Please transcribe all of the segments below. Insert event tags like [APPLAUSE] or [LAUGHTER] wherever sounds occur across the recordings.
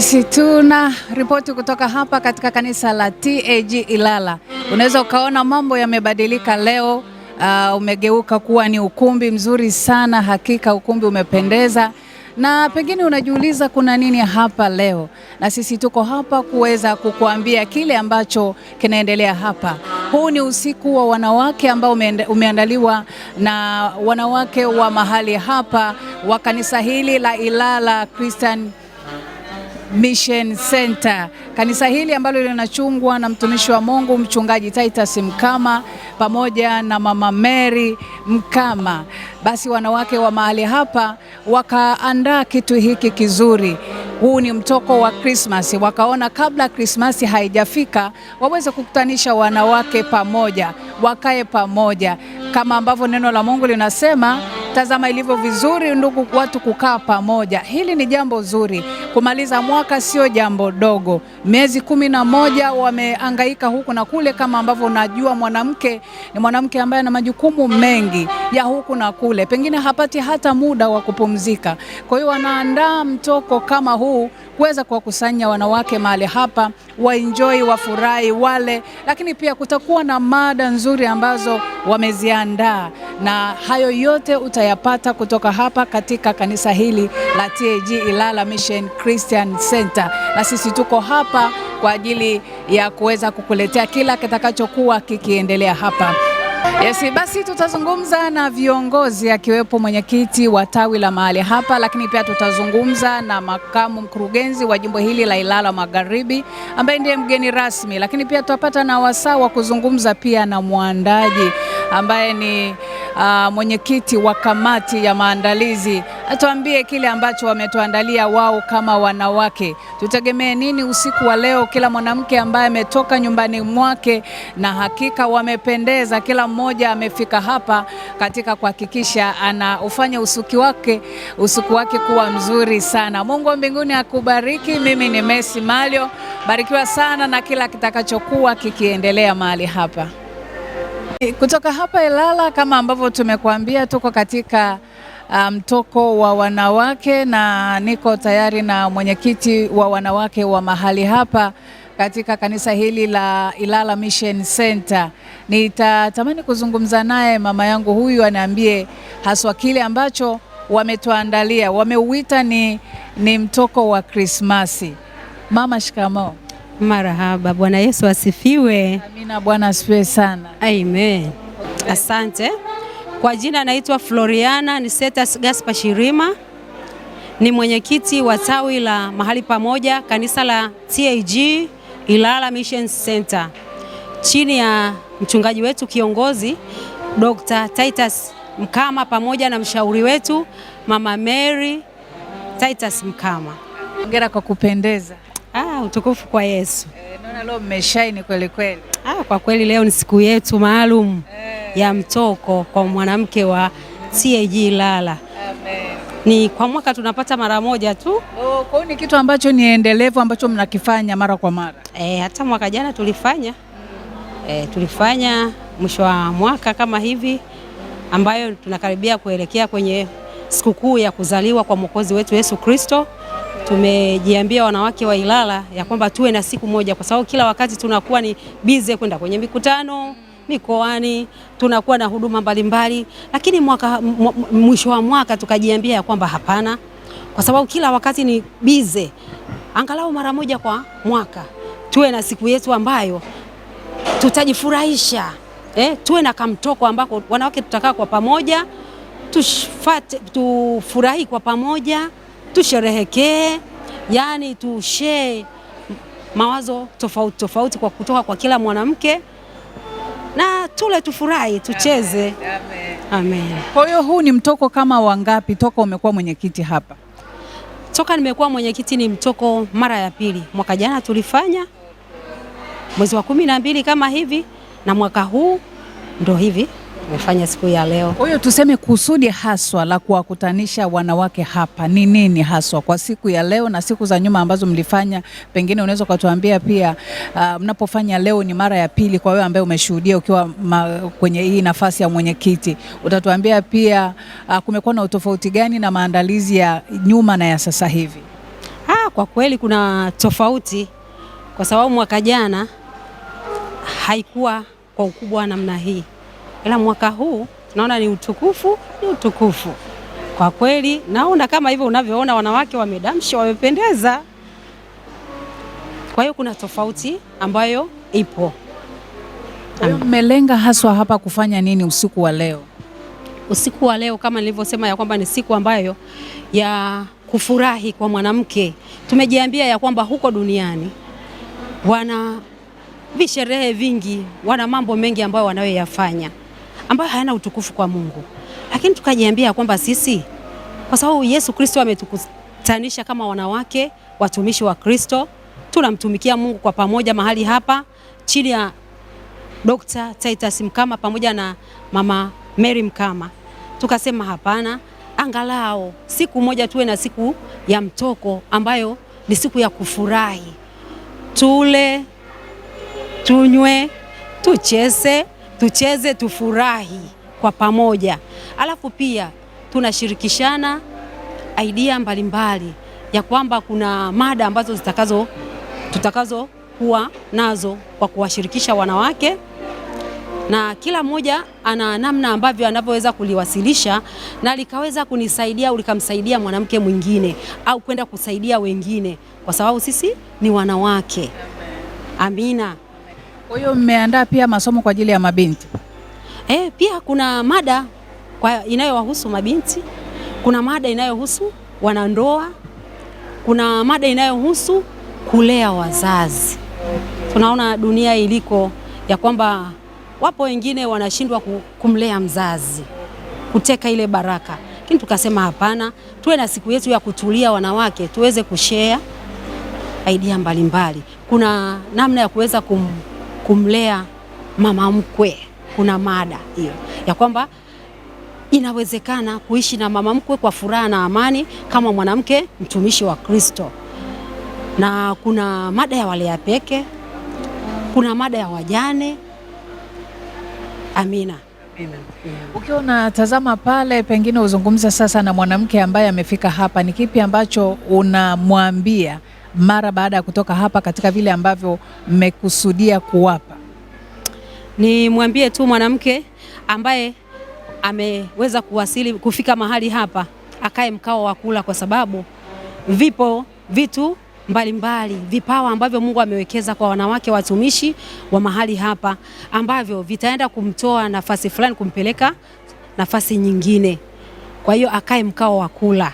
Sisi tuna ripoti kutoka hapa katika kanisa la TAG Ilala. Unaweza ukaona mambo yamebadilika leo. Uh, umegeuka kuwa ni ukumbi mzuri sana, hakika ukumbi umependeza, na pengine unajiuliza kuna nini hapa leo, na sisi tuko hapa kuweza kukuambia kile ambacho kinaendelea hapa. Huu ni usiku wa wanawake ambao umeandaliwa na wanawake wa mahali hapa wa kanisa hili la Ilala Christian Mission Center. Kanisa hili ambalo linachungwa na mtumishi wa Mungu mchungaji Titus Mkama pamoja na mama Mary Mkama. Basi wanawake wa mahali hapa wakaandaa kitu hiki kizuri. Huu ni mtoko wa Christmas. wakaona kabla Krismasi haijafika waweze kukutanisha wanawake pamoja, wakae pamoja kama ambavyo neno la Mungu linasema tazama ilivyo vizuri, ndugu watu kukaa pamoja. Hili ni jambo zuri, kumaliza mwaka sio jambo dogo. Miezi kumi na moja wameangaika huku na kule, kama ambavyo unajua mwanamke ni mwanamke ambaye ana majukumu mengi ya huku na kule, pengine hapati hata muda wa kupumzika. Kwa hiyo wanaandaa mtoko kama huu kuweza kuwakusanya wanawake mahali hapa, waenjoi, wafurahi wale, lakini pia kutakuwa na mada nzuri ambazo wameziandaa, na hayo yote utayapata kutoka hapa katika kanisa hili la TAG Ilala Mission Christian Center, na sisi tuko hapa kwa ajili ya kuweza kukuletea kila kitakachokuwa kikiendelea hapa. Yes, basi tutazungumza na viongozi akiwepo mwenyekiti wa tawi la mahali hapa, lakini pia tutazungumza na makamu mkurugenzi wa jimbo hili la Ilala Magharibi ambaye ndiye mgeni rasmi, lakini pia tutapata na wasaa wa kuzungumza pia na mwandaji ambaye ni uh, mwenyekiti wa kamati ya maandalizi atuambie kile ambacho wametuandalia wao kama wanawake. Tutegemee nini usiku wa leo? Kila mwanamke ambaye ametoka nyumbani mwake, na hakika wamependeza, kila mmoja amefika hapa katika kuhakikisha anaufanya usiku wake usiku wake kuwa mzuri sana. Mungu wa mbinguni akubariki. Mimi ni Messi Malio, barikiwa sana na kila kitakachokuwa kikiendelea mahali hapa. Eh, kutoka hapa Ilala, kama ambavyo tumekuambia, tuko katika ah, mtoko um, wa wanawake na niko tayari na mwenyekiti wa wanawake wa mahali hapa katika kanisa hili la Ilala Mission Center. Nitatamani kuzungumza naye mama yangu huyu aniambie haswa kile ambacho wametuandalia. Wameuita ni, ni mtoko wa Krismasi. Mama, shikamoo. Marahaba, Bwana Yesu asifiwe. Amina, Bwana asifiwe sana. Amen. Asante. Kwa jina naitwa Floriana Nicetas Gaspar Shirima, ni mwenyekiti wa tawi la mahali pamoja kanisa la TAG Ilala Mission Center chini ya mchungaji wetu kiongozi Dr. Titus Mkama pamoja na mshauri wetu Mama Mary Titus Mkama. Hongera kwa kupendeza. Ah, utukufu kwa Yesu. E, naona leo mmeshaini kweli kweli. Ah, kwa kweli leo ni siku yetu maalum e, ya mtoko kwa mwanamke wa CAG Ilala. Amen. Ni kwa mwaka tunapata mara moja tu. Oh, kwa ni kitu ambacho ni endelevu ambacho mnakifanya mara kwa mara. Eh, hata mwaka jana tulifanya Eh, tulifanya mwisho wa mwaka kama hivi ambayo tunakaribia kuelekea kwenye sikukuu ya kuzaliwa kwa Mwokozi wetu Yesu Kristo tumejiambia wanawake wa Ilala ya kwamba tuwe na siku moja, kwa sababu kila wakati tunakuwa ni bize kwenda kwenye mikutano mikoani, tunakuwa na huduma mbalimbali, lakini mwaka, mwisho wa mwaka tukajiambia ya kwamba hapana, kwa sababu kila wakati ni bize, angalau mara moja kwa mwaka tuwe na siku yetu ambayo tutajifurahisha eh, tuwe na kamtoko ambako wanawake tutakaa kwa pamoja, tufate, tufurahi kwa pamoja tusherehekee, yani tushee mawazo tofauti tofauti kwa kutoka kwa kila mwanamke na tule, tufurahi, tucheze. Amen, amen. Kwa hiyo huu ni mtoko kama wangapi toka umekuwa mwenyekiti hapa? Toka nimekuwa mwenyekiti ni mtoko mara ya pili. Mwaka jana tulifanya mwezi wa kumi na mbili kama hivi, na mwaka huu ndo hivi tumefanya siku ya leo. Kwa hiyo tuseme kusudi haswa la kuwakutanisha wanawake hapa ni nini haswa kwa siku ya leo na siku za nyuma ambazo mlifanya? Pengine unaweza ukatuambia pia, uh, mnapofanya leo ni mara ya pili. Kwa wewe ambaye umeshuhudia ukiwa ma, kwenye hii nafasi ya mwenyekiti, utatuambia pia uh, kumekuwa na utofauti gani na maandalizi ya nyuma na ya sasa hivi? Ah, kwa kweli kuna tofauti kwa sababu mwaka jana haikuwa kwa ukubwa namna hii ila mwaka huu tunaona ni utukufu, ni utukufu kwa kweli. Naona kama hivyo unavyoona, wanawake wamedamsha, wamependeza. Kwa hiyo kuna tofauti ambayo ipo. Mmelenga haswa hapa kufanya nini usiku wa leo? Usiku wa leo kama nilivyosema, ya kwamba ni siku ambayo ya kufurahi kwa mwanamke. Tumejiambia ya kwamba huko duniani wana visherehe vingi, wana mambo mengi ambayo wanayoyafanya ambayo hayana utukufu kwa Mungu, lakini tukajiambia kwamba sisi kwa sababu Yesu Kristo ametukutanisha kama wanawake watumishi wa Kristo, tunamtumikia Mungu kwa pamoja mahali hapa chini ya Dr. Titus Mkama pamoja na Mama Mary Mkama. Tukasema hapana, angalau siku moja tuwe na siku ya mtoko ambayo ni siku ya kufurahi, tule, tunywe, tucheze tucheze, tufurahi kwa pamoja, alafu pia tunashirikishana idea mbalimbali ya kwamba kuna mada ambazo zitakazo tutakazo kuwa nazo kwa kuwashirikisha wanawake, na kila mmoja ana namna ambavyo anavyoweza kuliwasilisha na likaweza kunisaidia au likamsaidia mwanamke mwingine au kwenda kusaidia wengine, kwa sababu sisi ni wanawake. Amina. Kwa hiyo mmeandaa pia masomo kwa ajili ya mabinti e? Pia kuna mada kwa inayowahusu mabinti, kuna mada inayohusu wanandoa, kuna mada inayohusu kulea wazazi. Tunaona dunia iliko ya kwamba wapo wengine wanashindwa kumlea mzazi, kuteka ile baraka, lakini tukasema hapana, tuwe na siku yetu ya kutulia wanawake, tuweze kushare idea mbalimbali Kuna namna ya kuweza kum kumlea mama mkwe, kuna mada hiyo ya kwamba inawezekana kuishi na mama mkwe kwa furaha na amani kama mwanamke mtumishi wa Kristo, na kuna mada ya walea peke, kuna mada ya wajane. Amina. Amina. Ukiwa unatazama pale, pengine uzungumza sasa na mwanamke ambaye amefika hapa, ni kipi ambacho unamwambia mara baada ya kutoka hapa katika vile ambavyo mmekusudia kuwapa? Nimwambie tu mwanamke ambaye ameweza kuwasili kufika mahali hapa akae mkao wa kula, kwa sababu vipo vitu mbalimbali mbali, vipawa ambavyo Mungu amewekeza kwa wanawake watumishi wa mahali hapa ambavyo vitaenda kumtoa nafasi fulani kumpeleka nafasi nyingine. Kwa hiyo akae mkao wa kula.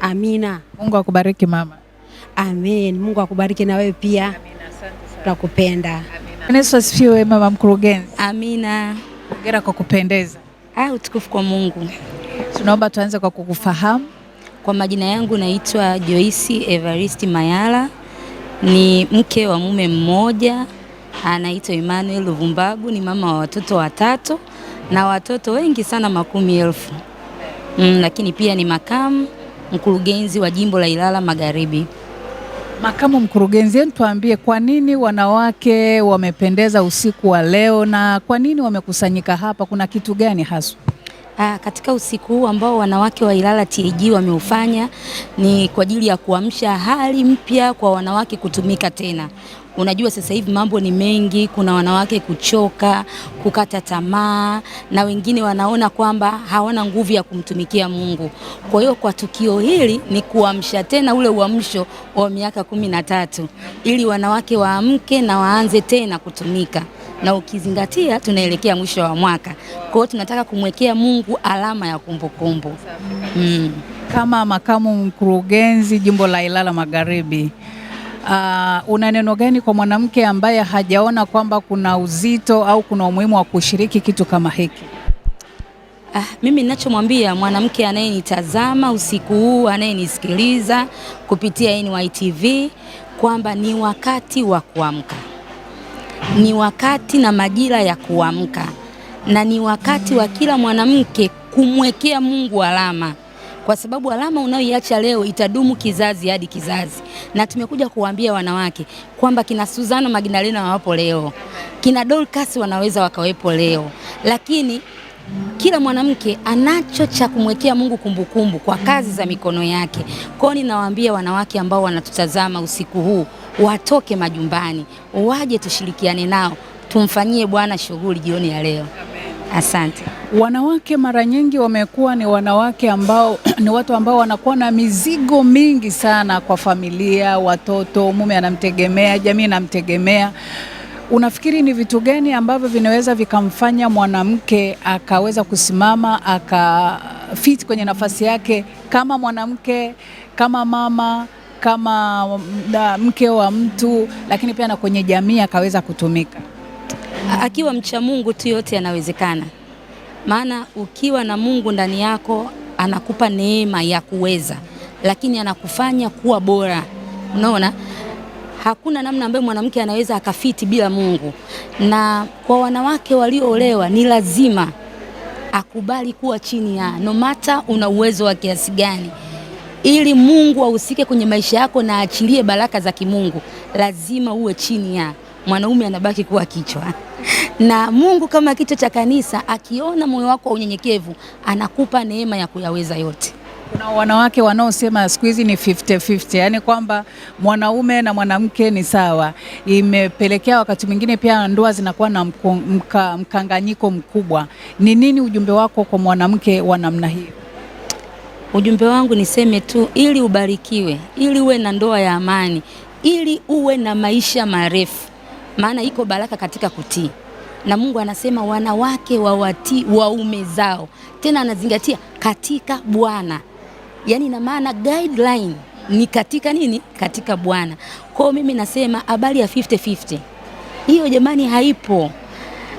Amina. Mungu akubariki mama. Amen. Mungu akubariki na wewe pia, tunakupenda. Yesu asifiwe, mama mkurugenzi. Amina. Hongera kwa kupendeza. Ah, utukufu kwa Mungu. Tunaomba tuanze kwa kukufahamu. Kwa majina yangu naitwa Joyce Evaristi Mayala, ni mke wa mume mmoja anaitwa Emmanuel Luvumbagu, ni mama wa watoto watatu na watoto wengi sana makumi elfu. Mm, lakini pia ni makamu mkurugenzi wa jimbo la Ilala Magharibi. Makamu mkurugenzi, hebu tuambie kwa nini wanawake wamependeza usiku wa leo na kwa nini wamekusanyika hapa? Kuna kitu gani haswa? Aa, ah, katika usiku huu ambao wanawake wa Ilala TG wameufanya ni kwa ajili ya kuamsha hali mpya kwa wanawake kutumika tena. Unajua sasa hivi mambo ni mengi, kuna wanawake kuchoka, kukata tamaa, na wengine wanaona kwamba hawana nguvu ya kumtumikia Mungu. Kwa hiyo kwa tukio hili ni kuamsha tena ule uamsho wa miaka kumi na tatu ili wanawake waamke na waanze tena kutumika, na ukizingatia tunaelekea mwisho wa mwaka, kwa hiyo tunataka kumwekea Mungu alama ya kumbukumbu. Mm. Kama makamu mkurugenzi jimbo la Ilala Magharibi Uh, una neno gani kwa mwanamke ambaye hajaona kwamba kuna uzito au kuna umuhimu wa kushiriki kitu kama hiki? Ah, mimi ninachomwambia mwanamke anayenitazama usiku huu, anayenisikiliza kupitia NY TV kwamba ni wakati wa kuamka, ni wakati na majira ya kuamka, na ni wakati wa kila mwanamke kumwekea Mungu alama kwa sababu alama unayoiacha leo itadumu kizazi hadi kizazi. Na tumekuja kuwaambia wanawake kwamba kina Suzana Magdalena wapo leo, kina Dorcas wanaweza wakawepo leo, lakini kila mwanamke anacho cha kumwekea Mungu kumbukumbu kwa kazi za mikono yake. hiyo ninawaambia wanawake ambao wanatutazama usiku huu, watoke majumbani, waje tushirikiane nao, tumfanyie Bwana shughuli jioni ya leo. Asante. Wanawake mara nyingi wamekuwa ni wanawake ambao [CLEARS THROAT] ni watu ambao wanakuwa na mizigo mingi sana kwa familia, watoto, mume anamtegemea, jamii inamtegemea. Unafikiri ni vitu gani ambavyo vinaweza vikamfanya mwanamke akaweza kusimama akafit kwenye nafasi yake kama mwanamke, kama mama, kama mke wa mtu, lakini pia na kwenye jamii akaweza kutumika? Akiwa mcha Mungu tu yote yanawezekana, maana ukiwa na Mungu ndani yako anakupa neema ya kuweza, lakini anakufanya kuwa bora. Unaona, hakuna namna ambayo mwanamke anaweza akafiti bila Mungu. Na kwa wanawake walioolewa ni lazima akubali kuwa chini ya nomata, una uwezo wa kiasi gani, ili Mungu ahusike kwenye maisha yako na aachilie baraka za kimungu, lazima uwe chini ya mwanaume anabaki kuwa kichwa [LAUGHS] na Mungu kama kichwa cha kanisa, akiona moyo wako wa unyenyekevu, anakupa neema ya kuyaweza yote. Kuna wanawake wanaosema siku hizi ni 50 50, yani kwamba mwanaume na mwanamke ni sawa. Imepelekea wakati mwingine pia ndoa zinakuwa na mka, mkanganyiko mkubwa. Ni nini ujumbe wako kwa mwanamke wa namna hiyo? Ujumbe wangu niseme tu, ili ubarikiwe, ili uwe na ndoa ya amani, ili uwe na maisha marefu maana iko baraka katika kutii, na Mungu anasema wanawake wawatii waume zao, tena anazingatia katika Bwana, yaani na maana guideline ni katika nini? Katika Bwana. Kwao mimi nasema habari ya 50-50 hiyo jamani, haipo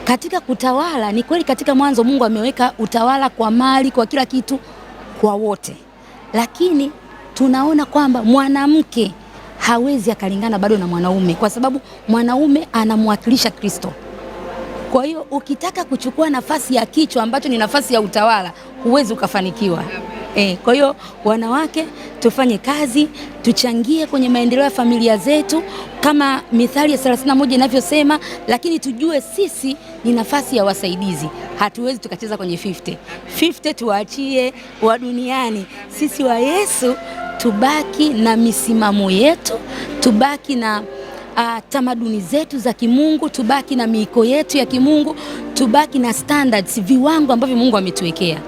katika kutawala. Ni kweli katika mwanzo Mungu ameweka utawala kwa mali, kwa kila kitu, kwa wote, lakini tunaona kwamba mwanamke hawezi akalingana bado na mwanaume, kwa sababu mwanaume anamwakilisha Kristo. Kwa hiyo ukitaka kuchukua nafasi ya kichwa ambacho ni nafasi ya utawala, huwezi ukafanikiwa. Eh, kwa hiyo wanawake tufanye kazi, tuchangie kwenye maendeleo ya familia zetu kama mithali ya 31 inavyosema, lakini tujue sisi ni nafasi ya wasaidizi. Hatuwezi tukacheza kwenye 50 50, tuwaachie wa duniani. Sisi wa Yesu tubaki na misimamo yetu, tubaki na uh, tamaduni zetu za kimungu, tubaki na miiko yetu ya kimungu, tubaki na standards, viwango ambavyo Mungu ametuwekea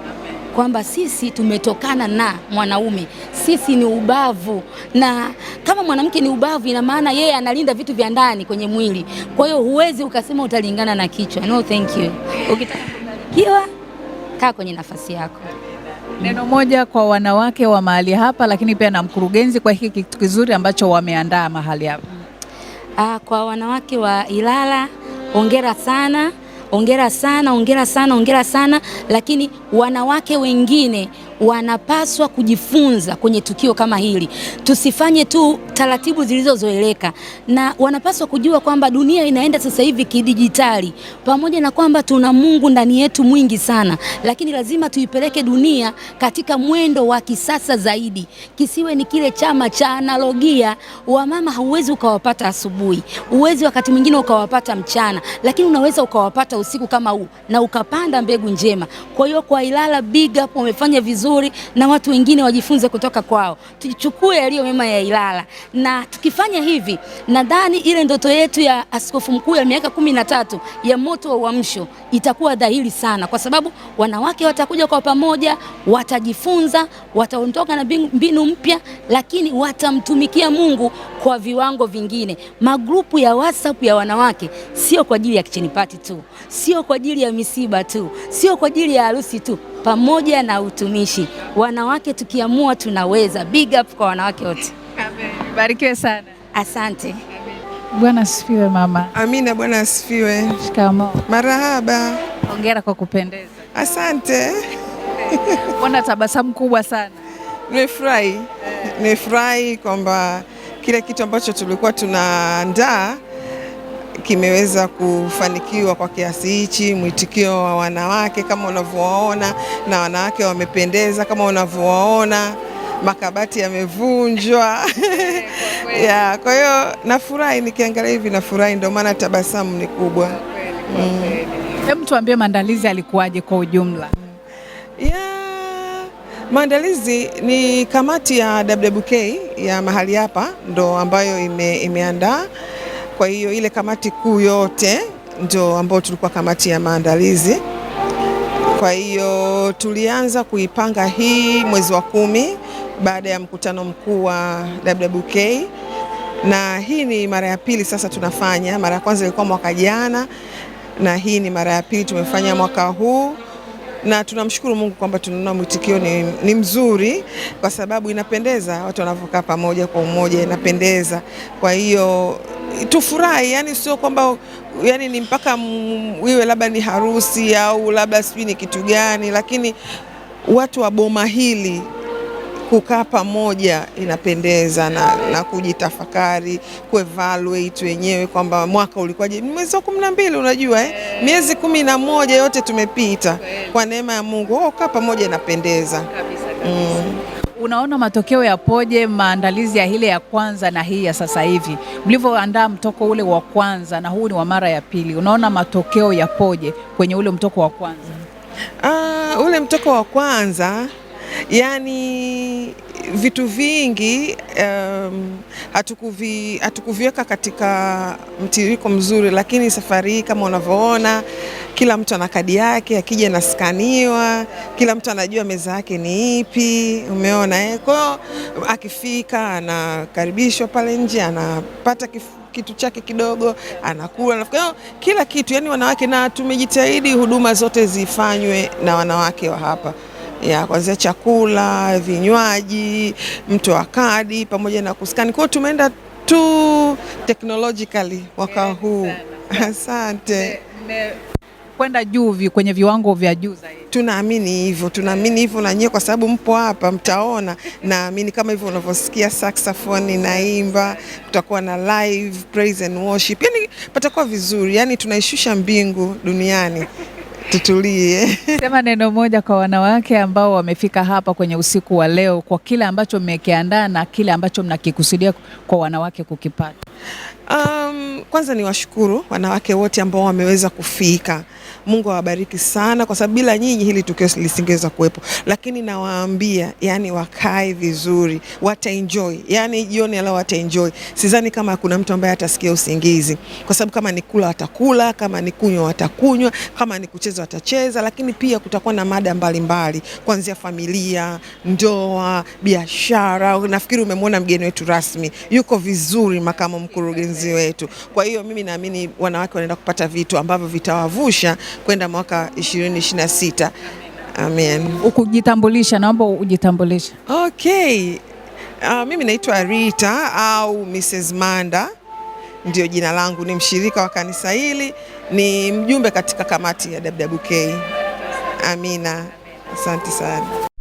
kwamba sisi tumetokana na mwanaume, sisi ni ubavu, na kama mwanamke ni ubavu, ina maana yeye analinda vitu vya ndani kwenye mwili. Kwa hiyo huwezi ukasema utalingana na kichwa. No, thank you. Ukitaka kubarikiwa, kaa kwenye nafasi yako. Neno moja kwa wanawake wa mahali hapa, lakini pia na mkurugenzi kwa hiki kitu kizuri ambacho wameandaa mahali hapa. Ah, kwa wanawake wa Ilala, hongera sana hongera sana, hongera sana, hongera sana, lakini wanawake wengine wanapaswa kujifunza kwenye tukio kama hili. Tusifanye tu taratibu zilizozoeleka, na wanapaswa kujua kwamba dunia inaenda sasa hivi kidijitali. Pamoja na kwamba tuna Mungu ndani yetu mwingi sana, lakini lazima tuipeleke dunia katika mwendo wa kisasa zaidi. Kisiwe ni kile chama cha analogia. Wamama hauwezi ukawapata asubuhi, uwezi wakati mwingine ukawapata mchana, lakini unaweza ukawapata usiku kama huu na ukapanda mbegu njema. Kwa hiyo kwa Ilala Big Up wamefanya vizuri mazuri na watu wengine wajifunze kutoka kwao, tuchukue yaliyo mema ya Ilala. Na tukifanya hivi, nadhani ile ndoto yetu ya askofu mkuu ya miaka kumi na tatu ya moto wa uamsho itakuwa dhahiri sana, kwa sababu wanawake watakuja kwa pamoja, watajifunza, wataondoka na mbinu mpya, lakini watamtumikia Mungu kwa viwango vingine. Magrupu ya WhatsApp ya wanawake sio kwa ajili ya kicheni tu, sio kwa ajili ya misiba tu, sio kwa ajili ya harusi tu pamoja na utumishi. Wanawake tukiamua tunaweza. Big up kwa wanawake wote. Amen. Barikiwe sana. Asante. Bwana asifiwe mama. Amina, Bwana asifiwe. Shikamo. Marahaba. Hongera kwa kupendeza. Asante. [LAUGHS] Mbona tabasamu kubwa sana? Nimefurahi, nimefurahi kwamba kile kitu ambacho tulikuwa tunaandaa kimeweza kufanikiwa kwa kiasi hichi. Mwitikio wa wanawake kama unavyowaona, na wanawake wamependeza kama unavyowaona, makabati yamevunjwa [LAUGHS] eh, ya, kwa hiyo nafurahi nikiangalia hivi, nafurahi, ndio maana tabasamu ni kubwa. Mm. Hebu mm. tuambie maandalizi alikuwaje kwa ujumla? yeah. Maandalizi ni kamati ya WWK ya mahali hapa ndo ambayo ime, imeandaa kwa hiyo ile kamati kuu yote ndio ambayo tulikuwa kamati ya maandalizi. Kwa hiyo tulianza kuipanga hii mwezi wa kumi baada ya mkutano mkuu wa WWK na hii ni mara ya pili sasa tunafanya. Mara ya kwanza ilikuwa mwaka jana, na hii ni mara ya pili tumefanya mwaka huu, na tunamshukuru Mungu kwamba tunaona mwitikio ni, ni mzuri, kwa sababu inapendeza watu wanavyokaa pamoja kwa umoja, inapendeza. Kwa hiyo tufurahi, yani sio kwamba yani ni mpaka iwe labda ni harusi au labda sijui ni kitu gani, lakini watu wa boma hili kukaa pamoja inapendeza na, na kujitafakari kuevaluate wenyewe kwamba mwaka ulikuwaje. Mwezi wa kumi na mbili unajua eh? miezi kumi na moja yote tumepita kwa neema ya Mungu. Oh, kaa pamoja inapendeza kabisa, kabisa. Mm unaona matokeo yapoje, maandalizi ya ile ya kwanza na hii ya sasa hivi, mlivyoandaa mtoko ule wa kwanza na huu ni wa mara ya pili, unaona matokeo yapoje kwenye ule mtoko wa kwanza? Uh, ule mtoko wa kwanza yani vitu vingi um, hatukuvi, hatukuviweka katika mtiririko mzuri, lakini safari hii kama unavyoona, kila mtu ana kadi yake, akija anaskaniwa, kila mtu anajua meza yake ni ipi, umeona eh? Kwa akifika anakaribishwa pale nje, anapata kif kitu chake kidogo, anakula na kila kitu, yani wanawake, na tumejitahidi huduma zote zifanywe na wanawake wa hapa ya kuanzia chakula, vinywaji, mtu wa kadi pamoja na kuskani. Kwa hiyo tumeenda tu technologically mwaka huu. [LAUGHS] Asante kwenda juu kwenye viwango vya juu zaidi. Tunaamini hivyo, tunaamini hivyo na nyie, kwa sababu mpo hapa, mtaona. Naamini kama hivyo unavyosikia saxophone naimba, kutakuwa na live praise and worship, yani patakuwa vizuri, yani tunaishusha mbingu duniani tutulie. [LAUGHS] Sema neno moja kwa wanawake ambao wamefika hapa kwenye usiku wa leo, kwa kile ambacho mmekiandaa na kile ambacho mnakikusudia kwa wanawake kukipata. Um, kwanza ni washukuru wanawake wote ambao wameweza kufika Mungu awabariki sana, kwa sababu bila nyinyi hili tukio lisingeweza kuwepo. Lakini nawaambia yani, wakae vizuri, wataenjoy yani jioni leo wataenjoy. Sidhani kama kuna mtu ambaye atasikia usingizi, kwa sababu kama ni kula watakula, kama ni kunywa watakunywa, kama ni kucheza watacheza, lakini pia kutakuwa na mada mbalimbali kuanzia familia, ndoa, biashara. Nafikiri umemwona mgeni wetu rasmi yuko vizuri, makamu mkurugenzi wetu. Kwa hiyo mimi naamini wanawake wanaenda kupata vitu ambavyo vitawavusha kwenda mwaka 2026. Amen. Ukujitambulisha, naomba ujitambulisha. Okay. Uh, mimi naitwa Rita au Mrs. Manda ndio jina langu, ni mshirika wa kanisa hili, ni mjumbe katika kamati ya WWK. Amina, asante sana.